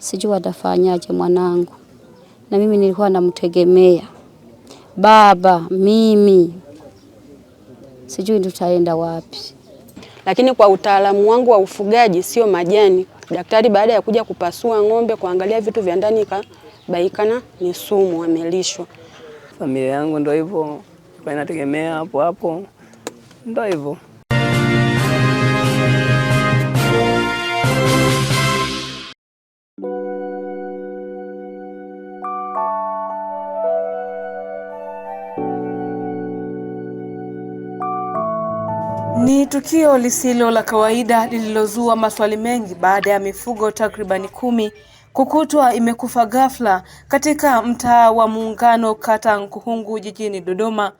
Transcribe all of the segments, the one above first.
sijui atafanyaje mwanangu, na mimi nilikuwa namtegemea baba, mimi sijui tutaenda wapi. Lakini kwa utaalamu wangu wa ufugaji sio majani, daktari baada ya kuja kupasua ng'ombe kuangalia vitu vya ndani ikabaikana ni sumu amelishwa. Familia yangu ndio hivyo, inategemea hapo hapo, ndio hivyo. Ni tukio lisilo la kawaida lililozua maswali mengi baada ya mifugo takribani kumi kukutwa imekufa ghafla katika mtaa wa Muungano kata Nkuhungu jijini Dodoma,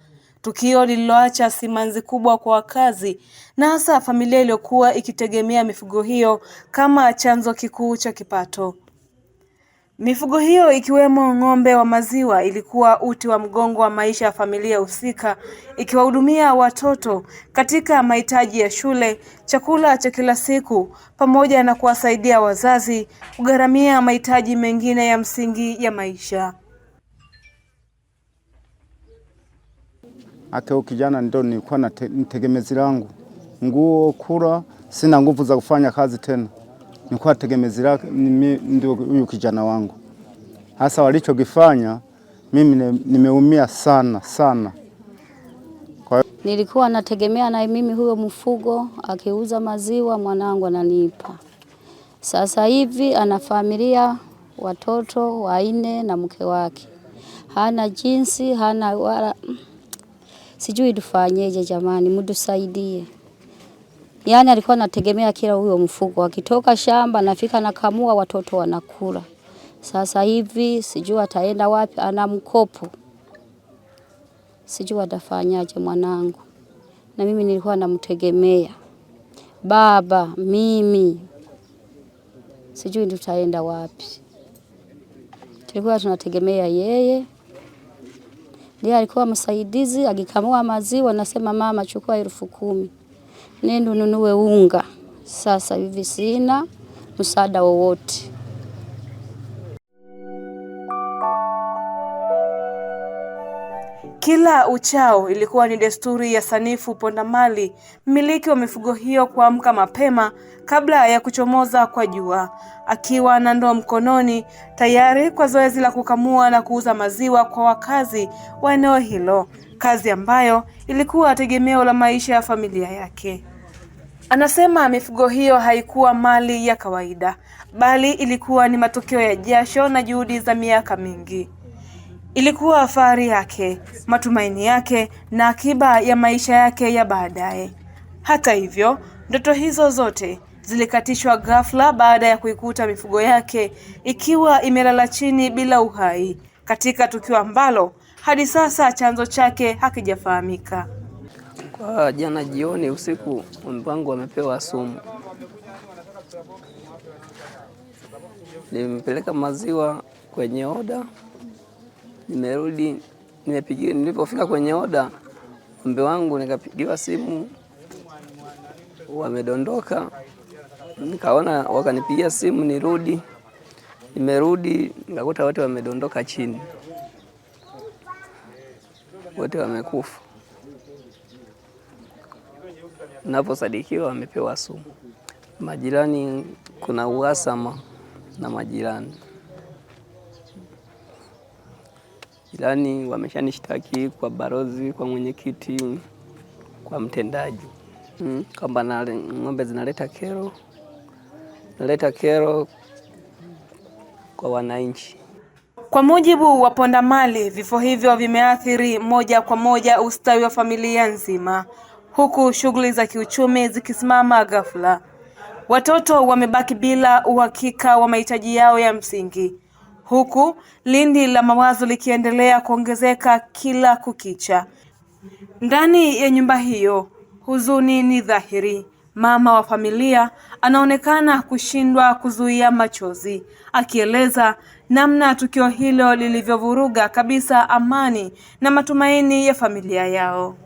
tukio lililoacha simanzi kubwa kwa wakazi na hasa familia iliyokuwa ikitegemea mifugo hiyo kama chanzo kikuu cha kipato. Mifugo hiyo ikiwemo ng'ombe wa maziwa ilikuwa uti wa mgongo wa maisha ya familia husika, ikiwahudumia watoto katika mahitaji ya shule, chakula cha kila siku, pamoja na kuwasaidia wazazi kugharamia mahitaji mengine ya msingi ya maisha. Hata ukijana ndio nilikuwa na tegemezi langu, nguo, kula. Sina nguvu za kufanya kazi tena, nilikuwa tegemezi lake ndio huyu kijana wangu hasa walichokifanya. Mimi nimeumia sana sana. Kwa... nilikuwa nategemea na mimi huyo mfugo akiuza maziwa mwanangu ananipa. Sasa hivi ana familia watoto wanne na mke wake, hana jinsi, hana wala sijui tufanyeje. Jamani, mtusaidie. Yani alikuwa anategemea kila huyo mfugo akitoka shamba nafika nakamua, watoto wanakula. Sasa hivi sijui ataenda wapi, ana mkopo, sijui atafanyaje mwanangu. Na mimi nilikuwa namtegemea baba, mimi sijui tutaenda wapi. Tulikuwa tunategemea yeye, ndiye alikuwa msaidizi. Akikamua maziwa nasema mama, chukua elfu kumi nenda ununue unga. Sasa hivi sina msaada wowote. Kila uchao ilikuwa ni desturi ya Sanifu ponda mali mmiliki wa mifugo hiyo, kuamka mapema kabla ya kuchomoza kwa jua, akiwa na ndoo mkononi, tayari kwa zoezi la kukamua na kuuza maziwa kwa wakazi wa eneo hilo, kazi ambayo ilikuwa tegemeo la maisha ya familia yake. Anasema mifugo hiyo haikuwa mali ya kawaida, bali ilikuwa ni matokeo ya jasho na juhudi za miaka mingi. Ilikuwa fahari yake, matumaini yake na akiba ya maisha yake ya baadaye. Hata hivyo, ndoto hizo zote zilikatishwa ghafla baada ya kuikuta mifugo yake ikiwa imelala chini bila uhai katika tukio ambalo hadi sasa chanzo chake hakijafahamika. Kwa jana jioni usiku, mpango amepewa sumu. Nimpeleka maziwa kwenye oda nimerudi, nimepigiwa, nilipofika kwenye oda mbe wangu nikapigiwa simu, wamedondoka. Nikaona wakanipigia simu nirudi, nimerudi nikakuta wote wamedondoka chini, wote wamekufa. Naposadikiwa wamepewa sumu. Majirani, kuna uhasama na majirani. Jirani wameshanishtaki kwa barozi, kwa mwenyekiti, kwa mtendaji mm, kwamba ng'ombe zinaleta kero, naleta kero kwa wananchi. Kwa mujibu wa ponda mali vifo hivyo vimeathiri moja kwa moja ustawi wa familia nzima, huku shughuli za kiuchumi zikisimama ghafla. Watoto wamebaki bila uhakika wa mahitaji yao ya msingi huku lindi la mawazo likiendelea kuongezeka kila kukicha. Ndani ya nyumba hiyo huzuni ni dhahiri. Mama wa familia anaonekana kushindwa kuzuia machozi, akieleza namna tukio hilo lilivyovuruga kabisa amani na matumaini ya familia yao.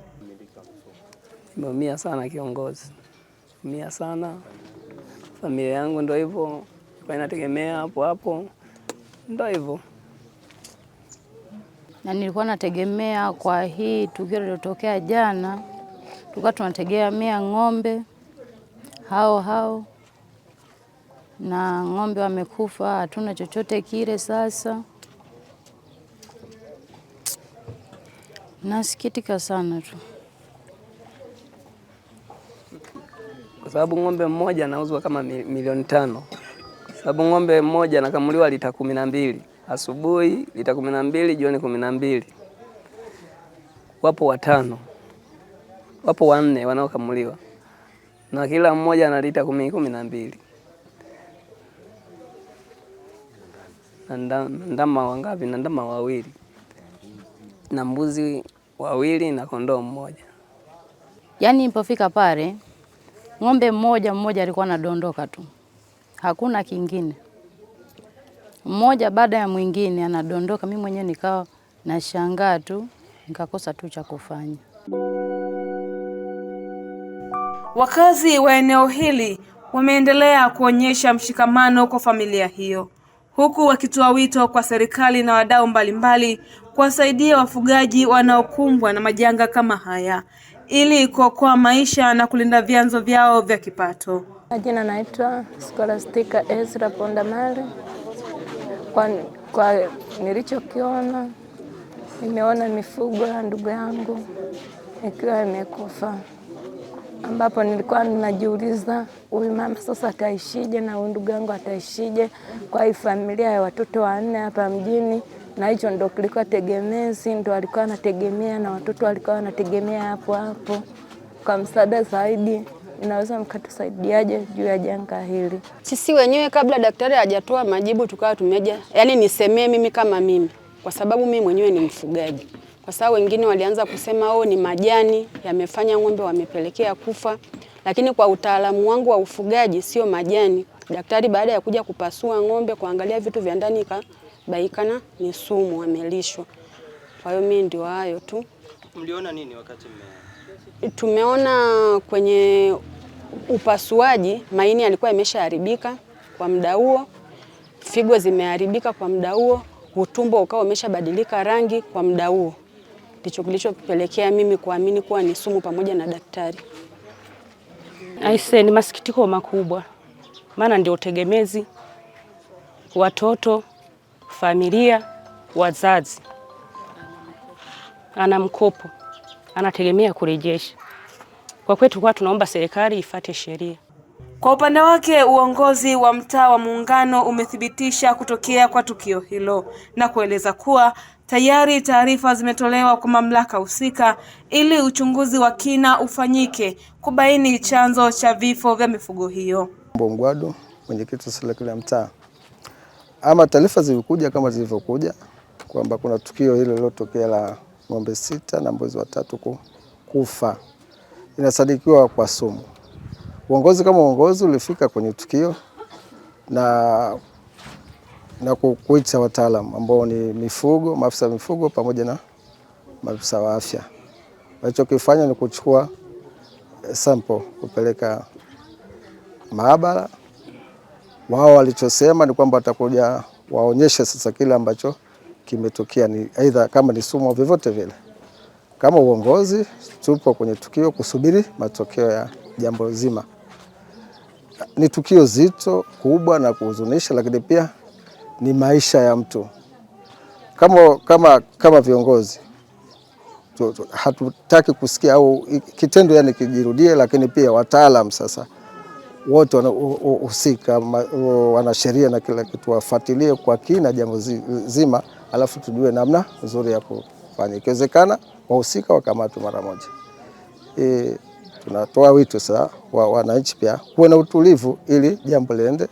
Nimeumia sana kiongozi, umia sana familia yangu, ndio hivyo inategemea hapo hapo ndio hivyo, na nilikuwa nategemea kwa hii tukio lilotokea jana, tulikuwa tunategemea ng'ombe hao hao na ng'ombe wamekufa, hatuna chochote kile. Sasa nasikitika sana tu, kwa sababu ng'ombe mmoja anauzwa kama milioni tano sababu ng'ombe mmoja anakamuliwa lita kumi na mbili asubuhi, lita kumi na mbili jioni, kumi na mbili Wapo watano, wapo wanne wanaokamuliwa na kila mmoja ana lita kumi kumi na mbili na ndama wangapi? Na ndama wawili na mbuzi wawili na kondoo mmoja. Yaani nilipofika pale ng'ombe mmoja mmoja alikuwa anadondoka tu hakuna kingine. Mmoja baada ya mwingine anadondoka, mimi mwenyewe nikawa nashangaa tu, nikakosa tu cha kufanya. Wakazi wa eneo hili wameendelea kuonyesha mshikamano kwa familia hiyo huku wakitoa wito kwa serikali na wadau mbalimbali kuwasaidia wafugaji wanaokumbwa na majanga kama haya ili kuokoa maisha na kulinda vyanzo vyao vya kipato. Majina naitwa Scholastica Ezra Pondamali. Kwa, kwa nilichokiona nimeona mifugo ya ndugu yangu ikiwa imekufa, ambapo nilikuwa ninajiuliza huyu mama sasa ataishije na huyu ndugu yangu ataishije kwa hii familia ya watoto wanne hapa mjini, na hicho ndo kilikuwa tegemezi, ndo alikuwa anategemea na watoto walikuwa wanategemea hapo hapo kwa msaada zaidi inaweza mkatusaidiaje juu ya janga hili? Sisi wenyewe kabla daktari hajatoa majibu tukawa tumeja, yani nisemee mimi kama mimi, kwa sababu mimi mwenyewe ni mfugaji, kwa sababu wengine walianza kusema oh, ni majani yamefanya ng'ombe wamepelekea kufa, lakini kwa utaalamu wangu wa ufugaji sio majani. Daktari baada ya kuja kupasua ng'ombe, kuangalia vitu vya ndani, ikabaikana ni sumu amelishwa. Kwa hiyo mimi ndio hayo tu. Mliona nini wakati mme tumeona kwenye upasuaji maini yalikuwa imeshaharibika kwa muda huo, figo zimeharibika kwa muda huo, utumbo ukawa umeshabadilika rangi kwa muda huo. Ndicho kilichopelekea mimi kuamini kuwa ni sumu pamoja na daktari. Aise, ni masikitiko makubwa, maana ndio tegemezi, watoto, familia, wazazi, ana mkopo anategemea kurejesha. Kwa kwetu kwa tunaomba serikali ifate sheria. Kwa upande wake uongozi wa mtaa wa Muungano umethibitisha kutokea kwa tukio hilo na kueleza kuwa tayari taarifa zimetolewa kwa mamlaka husika ili uchunguzi wa kina ufanyike kubaini chanzo cha vifo vya mifugo hiyo. Mbongwado, mwenyekiti wa serikali ya mtaa. Ama taarifa zilikuja kama zilivyokuja kwamba kuna tukio hilo lilotokea la ng'ombe sita na mbuzi watatu kufa, inasadikiwa kwa sumu. Uongozi kama uongozi ulifika kwenye tukio na, na kuita wataalamu ambao ni mifugo, maafisa mifugo pamoja na maafisa wa afya. Walichokifanya ni kuchukua eh, sample kupeleka maabara. Wao walichosema ni kwamba watakuja waonyeshe sasa kile ambacho kimetokea ni aidha, kama ni sumu vyovyote vile. Kama uongozi tupo kwenye tukio kusubiri matokeo ya jambo zima. Ni tukio zito kubwa na kuhuzunisha, lakini pia ni maisha ya mtu. Kama, kama, kama viongozi hatutaki kusikia au kitendo yani kijirudie, lakini pia wataalam sasa wote wanahusika, wanasheria na kila kitu wafuatilie kwa kina jambo zima alafu tujue namna nzuri ya kufanya, ikiwezekana wahusika wakamatwe mara moja. E, tunatoa wito sasa wa wananchi pia kuwe na utulivu ili jambo liende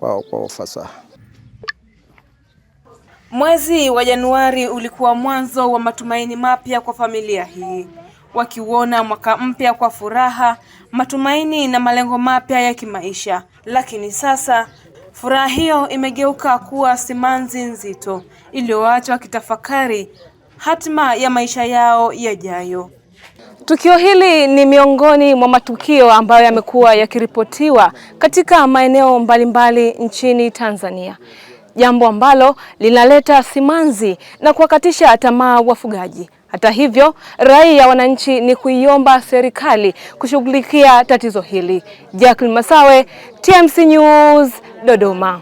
kwa, kwa ufasaha. Mwezi wa Januari ulikuwa mwanzo wa matumaini mapya kwa familia hii, wakiuona mwaka mpya kwa furaha, matumaini na malengo mapya ya kimaisha, lakini sasa Furaha hiyo imegeuka kuwa simanzi nzito iliyoacha wakitafakari hatima ya maisha yao yajayo. Tukio hili ni miongoni mwa matukio ambayo yamekuwa yakiripotiwa katika maeneo mbalimbali nchini Tanzania, jambo ambalo linaleta simanzi na kuwakatisha tamaa wafugaji. Hata hivyo, rai ya wananchi ni kuiomba serikali kushughulikia tatizo hili. Jacqueline Masawe, TMC News, Dodoma.